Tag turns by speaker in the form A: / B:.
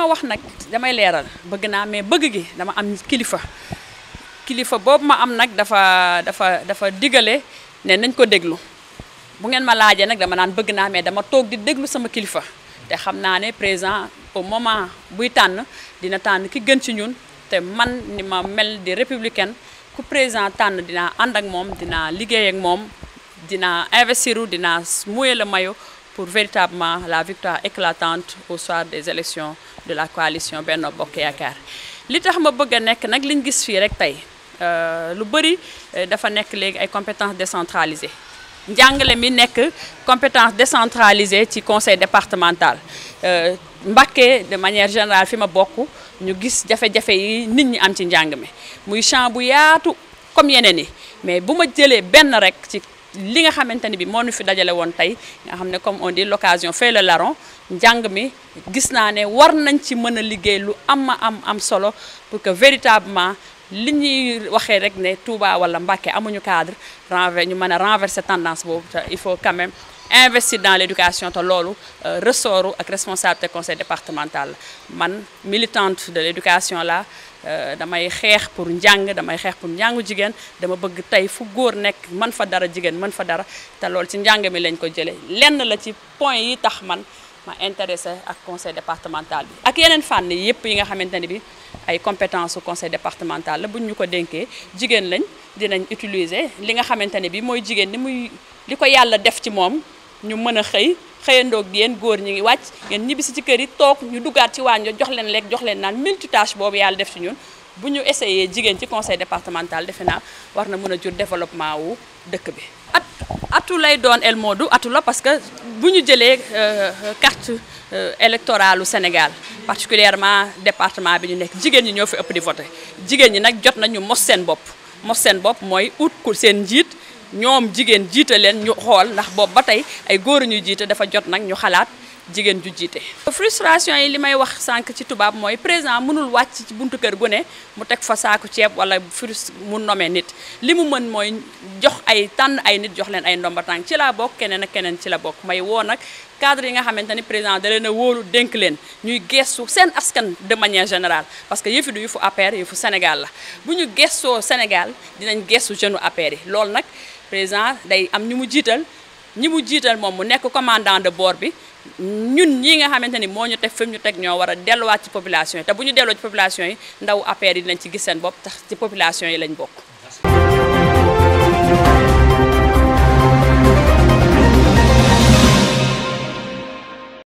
A: ma wax nag damay leeral bëgg naa mais bëgg gi dama am kilifa kilifa boobu ma am nag dafa dafa dafa digale ne nañ ko déglu bu ngeen ma laajee nag dama naan bëgg naa mais dama toog di déglu sama kilifa te xam naa ne président o moment buy tànn dina tànn ki gën ci ñun te man ni ma mel di républicain ku président tànn dinaa ànd ak moom dinaa liggéey ak moom dina investir dinaa mouiller le maillot pour véritablement la victoire éclatante au soir des élections de la coalition Benno Bokk Yaakaar li tax ma bëgg a nekk nag liñ gis fii rek tey euh, lu bëri euh, dafa nekk léegi ay compétence compétences décentralisées njàngale mi nekk compétence décentralisée ci conseil départemental euh, Mbacké de manière générale fi ma bokk ñu gis jafe-jafe yi nit ñi am ci njàng mi muy champ bu yaatu comme yeneen yi mais bu ma jëlee benn rek ci li nga xamante ni bi moo nu fi dajale woon tey nga xam ne comme on dit l'occasion fait le larron njàng mi gis naa ne war nañ ci mën a liggéey lu am am am solo pour que véritablement li ñuy waxee rek ne Touba wala Mbacké amuñu cadre renver ñu mën a renverser tendance boobu te il faut quand même investir dans l' éducation te loolu euh, ressortu ak responsabilité conseil départemental la man militante de l' éducation la euh, damay xeex pour njàng damay xeex pour njàngu jigéen dama bëgg tey fu góor nekk mën fa dara jigéen man fa dara te loolu ci njàng mi lañ ko jëlee lenn la ci point yi tax man ma intéressé ak conseil départemental bi ak yeneen fànn yëpp yi nga xamante ne bi ay compétence su conseil départemental la buñ ñu ko dénkee jigéen lañ dinañ utiliser li nga xamante ne bi mooy jigéen ni muy li ko yàlla def ci moom ñu mën a xëy xëyandoog yéen góor ñi ngi wàcc ngeen ñibbisi ci kër yi toog ñu duggaat ci waañ jox leen lekk jox leen naan multitâche boobu yàlla def ci ñun bu ñu essayé jigéen ci conseil départemental defe naa war na mën a jur développement wu dëkk bi. at atu lay doon El Modou atu la parce que bu ñu jëlee euh, carte euh, électorale u Sénégal particulièrement département bi ñu nekk jigéen ñi ñoo fi ëpp di voté jigéen ñi nag jot nañu mos seen bopp mos seen bopp mooy ut ku seen njiit. ñoom jigéen jiite leen ñu xool ndax boobu ba tey ay góor ñuy jiite dafa jot nag ñu xalaat jigéen ju jiite. frustration yi li may wax sànq ci tubaab mooy président mënul wàcc ci buntu kër gu ne mu teg fa saaku ceeb wala frust mu nomee nit li mu mën mooy jox ay tànn ay nit jox leen ay ndomba ci laa bokk keneen a keneen ci la bokk may woo nag cadre yi nga xamante ni président da leen a wóolu dénk leen ñuy gestu seen askan de manière générale parce que yëfi du yëfu APR yëfu Sénégal la bu ñu gestoo Sénégal dinañ gestu jeune APR yi loolu nag président day am ñu mu jiital. ñi mu jiital moom mu nekk commandant de bord bi ñun ñii nga xamante ni moo ñu teg fi ñu teg ñoo war a delluwaat ci population yi te bu ñu delloo ci population yi ndaw affaire yi lañ ci gis seen bopp tax ci population yi lañ bokk.